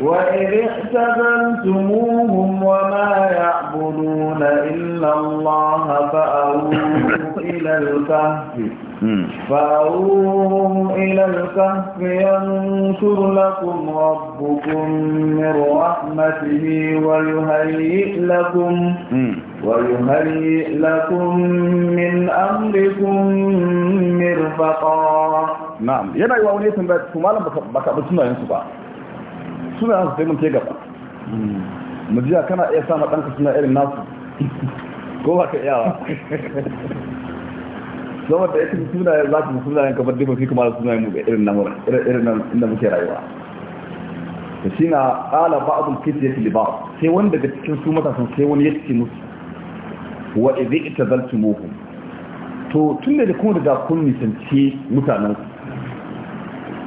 S1: وإذ اعتزلتموهم وما يعبدون إلا الله فَأَوُوهُمْ إلى الكهف فَأَوُوهُمْ إلى الكهف ينشر لكم ربكم من رحمته ويهيئ لكم ويهيئ لكم من أمركم مرفقا نعم يبقى يقول لي سنبات سمالا بكبتنا ينسبا
S2: suna sai mun ke gaba jiya kana iya sa ɗanka suna irin nasu ko ba ka iyawa saboda yake suna yin za ka mu suna kamar dai fi kuma suna mu ga irin namura irin nan inda muke rayuwa da shi na ƙala ba'adun kitiyati ya ba'ad sai wani daga cikin su matasan sai wani ya ce musu wa zalci itazaltumuhum to tun da kuma da kun nisanci mutanen su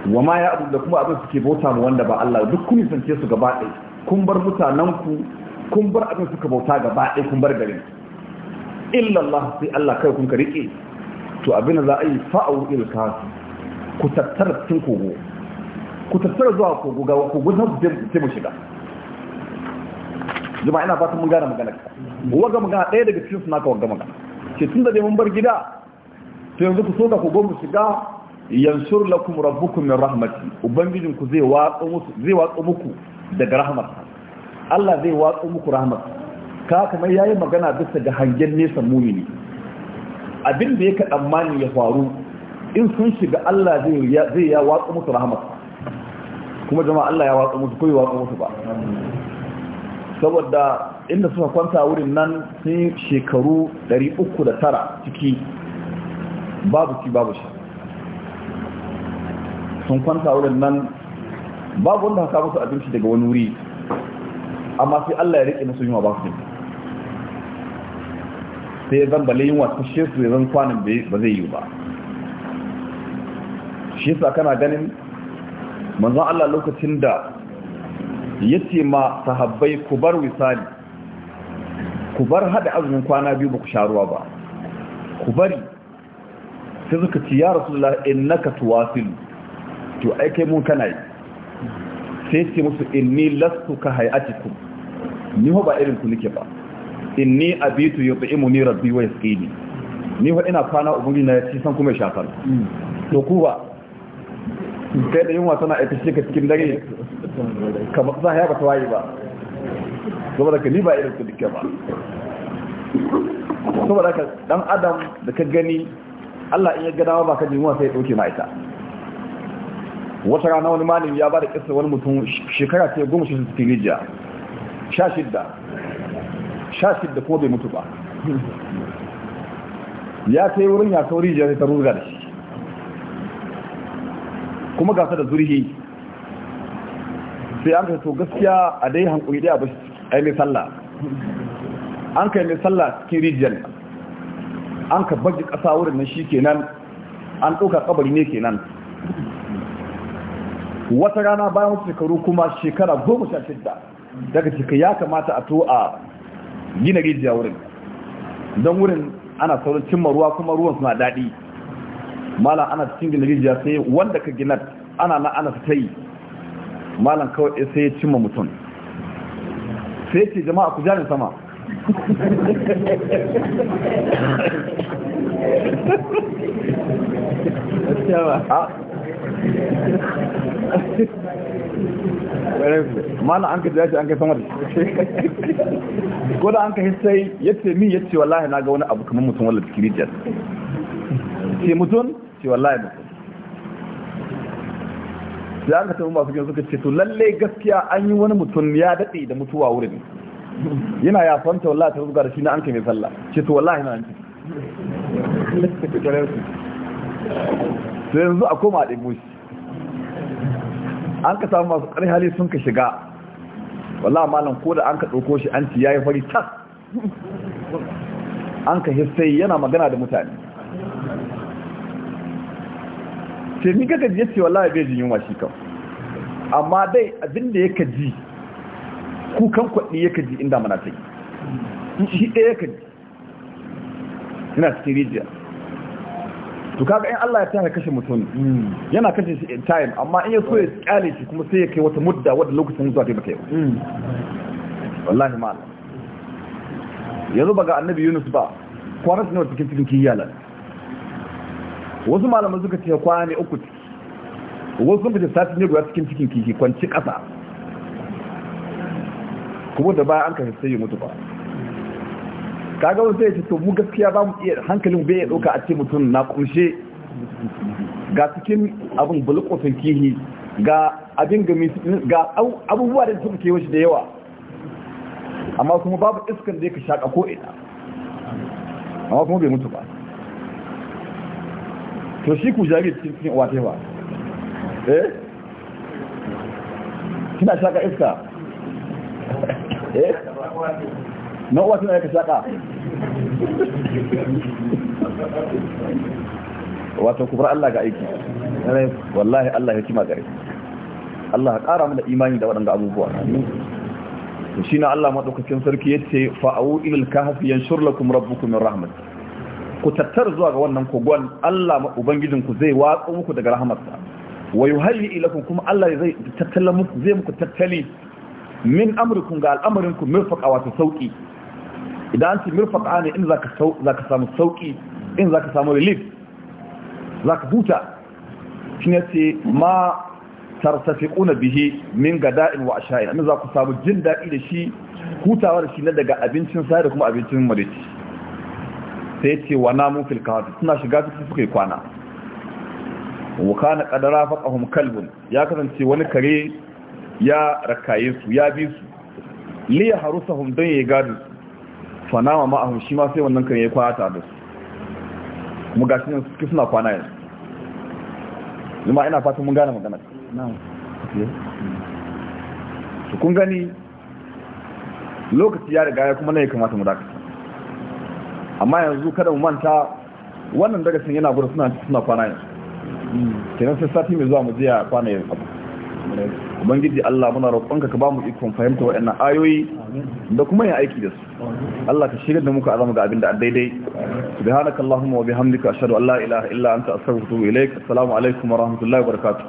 S2: wa ma ya abu da kuma abin suke bauta ma wanda ba Allah duk kun nisance su gaba ɗaya kun bar mutanenku kun bar abin suka bauta gaba ɗaya kun bar garin illallah sai Allah kai kun ka rike to abin da za a yi fa'u il kasu ku tattara cikin kogo ku tattara zuwa kogo ga kogo na sai mu shiga jama'a ina fata mun gane magana waga magana ɗaya daga cikin su naka waga magana ce tun da dai mun bar gida to yanzu ku so ka kogo mu shiga yansur lakum rabbukum min rahmati ubangijin ku zai watsa musu zai watsa muku daga rahmat Allah zai watsa muku rahmat ka kamar yayi magana bisa ga hangen nesa mumini abin da yake tsammani ya faru in sun shiga Allah zai zai ya watsa musu rahmat kuma jama'a Allah ya watsa musu ko ya watsa musu ba saboda inda suka kwanta wurin nan sun shekaru 309 ciki babu ci babu shi. sun kwanta wurin nan babu wanda haka musu abinci daga wani wuri amma sai Allah ya rike musu yunwa ba su sai ya zan bale yunwa ta shi su zan kwanan ba zai yi ba shi sa kana ganin manzon Allah lokacin da ya ce ma sahabbai ku bar wisali ku bar hada azumin kwana biyu ba ku sha ruwa ba ku bari sai suka ci ya rasulullah innaka tuwasil to ai kai mun kana yi sai ce musu inni lastu ka hayatikum ni ho ba irin ku nake ba inni abitu ni rabbi wa yasqini ni ho ina kwana ubangiji na ci san kuma shafar to ku ba kai da yunwa tana aika shi ka cikin dare kamar za ya ba ta waye ba saboda ka ni ba irin ku nake ba saboda ka dan adam da ka gani Allah in ya ga dawa ba ka jin yunwa sai ya dauke ma ita wata rana wani malin ya ba da kisa wani mutum shekara ta goma shi suke rijiya sha shidda sha shidda kuma bai mutu ba ya kai wurin ya sauri ya ta ruga da shi kuma gasa da zurhi sai an to gaskiya a dai hankuri dai a bashi ai mai sallah an kai mai sallah cikin rijiyar an ka baji ƙasa wurin nan shi kenan an ɗauka ƙabari ne kenan wata rana bayan wasu shekaru kuma shekara goma sha shidda daga cika ya kamata a to a gina rijiya wurin don wurin ana saurin cimma ruwa kuma ruwan suna daɗi malam ana cikin gina rijiya sai wanda ka gina ana na ana ta yi malam kawai sai ya cimma mutum sai ce jama'a ku jani sama a ah. mana an ka shi an ka sama da ko da an ka hissai ya ce min ya ce wallahi na ga wani abu kamar mutum wala cikin rijiyar ce mutum ce wallahi mutum sai an ka tabi masu gina suka ce to lalle gaskiya an yi wani mutum ya daɗe da mutuwa wurin yana ya fanta wallahi ta zuga da shi na an ka mai sallah ce to wallahi na an sai yanzu a koma a ɗebo shi an ka samu masu ƙarfi hali sun ka shiga wallah malam ko da an ka ɗauko shi an ci yayi fari tas an ka hissai yana magana da mutane ce ni kaka ji yace wallahi bai jin yunwa shi kan amma dai abin da ka ji kukan kwaɗi ka ji inda mana yi shi ɗaya ka ji ina cikin rijiya to kaga in Allah ya tsaya kashe mutum yana kashe shi in time amma in ya so ya kyale shi kuma sai ya kai wata mudda wadda lokacin zuwa kai baka yi wallahi ma yanzu ba ga annabi Yunus ba kwana su ne wata cikin cikin kiyala wasu malaman suka ce kwana ne uku wasu sun fita sati ne guda cikin cikin kiki kwanci kasa kuma da baya an kashe sai ya mutu ba kaga wasu ya ce to mu gaskiya ba mu iya hankalin bai ya ɗauka a ce mutum na kumshe ga cikin abin bulkotin kihi ga abin gami ga abubuwa da suka kewa shi da yawa amma kuma babu iskan da ya ka shaƙa ko'ina amma kuma bai mutu ba to shi ku jari cikin wata yawa eh kina shaƙa iska eh na uwa tana ka saka wato kubar Allah ga aiki wallahi Allah ya kima gare Allah ya ƙara mana imani da waɗanda abubuwa to shine Allah madaukakin sarki yace fa'u ilal kahfi yanshur lakum rabbukum min rahmat ku tattar zuwa ga wannan kogon Allah ubangijin zai watsa muku daga rahmatsa wa yuhayyi ilakum kuma Allah zai tattala muku zai muku tattali min amrikum ga al'amarin ku mirfaqa wa sauki idan an ce mirfaka ne in za ka samu sauki in za ka samu relief za ka huta shi ce ma tartafiquna bihi min gada'in wa asha'in annan za samu jin daɗi da shi hutawa da shi na daga abincin sa da kuma abincin madaci sai ce wa namun filkawata suna shiga cikin suka yi kwana wa na ƙadara faqahum kalbun ya kasance wani kare ya rakaye su ya bi su liya harusa hun don ya gado fanama ma'ahum shi ma sai wannan kare ya kwana tare da su kuma shi ne suke suna kwana yanzu zuma ina fatan mun gane magana su kun gani lokaci ya riga ya kuma na ya kamata mu dakata amma yanzu kada mu manta wannan daga sun yana gudu suna suna kwana yanzu mm. kenan sai sati mai zuwa mu ziya kwana yanzu abu ubangiji Allah muna roƙonka ka bamu ikon fahimta waɗannan ayoyi da kuma yin aiki da su Allah ka shirya da muka azama ga abin da daidai subhanakallahumma wa bihamdika ashhadu an la ilaha illa anta astaghfiruka wa atubu ilaik assalamu alaikum wa rahmatullahi wa barakatuh